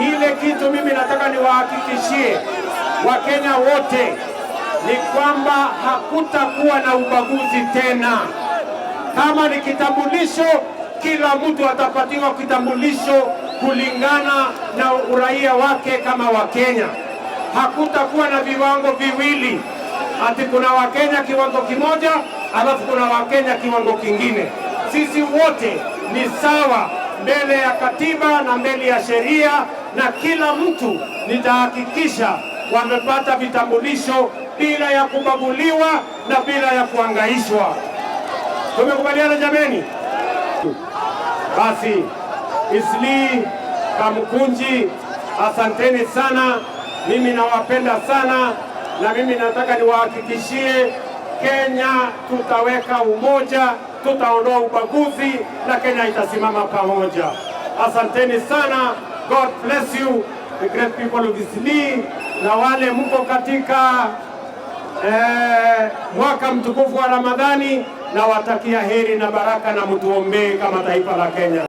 Ile kitu mimi nataka niwahakikishie Wakenya wote ni kwamba hakutakuwa na ubaguzi tena. Kama ni kitambulisho, kila mtu atapatiwa kitambulisho kulingana na uraia wake kama Wakenya. Hakutakuwa na viwango viwili, ati kuna Wakenya kiwango kimoja alafu kuna Wakenya kiwango kingine. Sisi wote ni sawa mbele ya katiba na mbele ya sheria na kila mtu nitahakikisha wamepata vitambulisho bila ya kubaguliwa na bila ya kuangaishwa. Tumekubaliana jameni? Basi Isli Kamkunji, asanteni sana. Mimi nawapenda sana, na mimi nataka niwahakikishie Kenya tutaweka umoja, tutaondoa ubaguzi na Kenya itasimama pamoja. Asanteni sana. God bless you the great people of Eastleigh, na wale mko katika eh, mwaka mtukufu wa Ramadhani, na watakia heri na baraka, na mtuombee kama taifa la Kenya.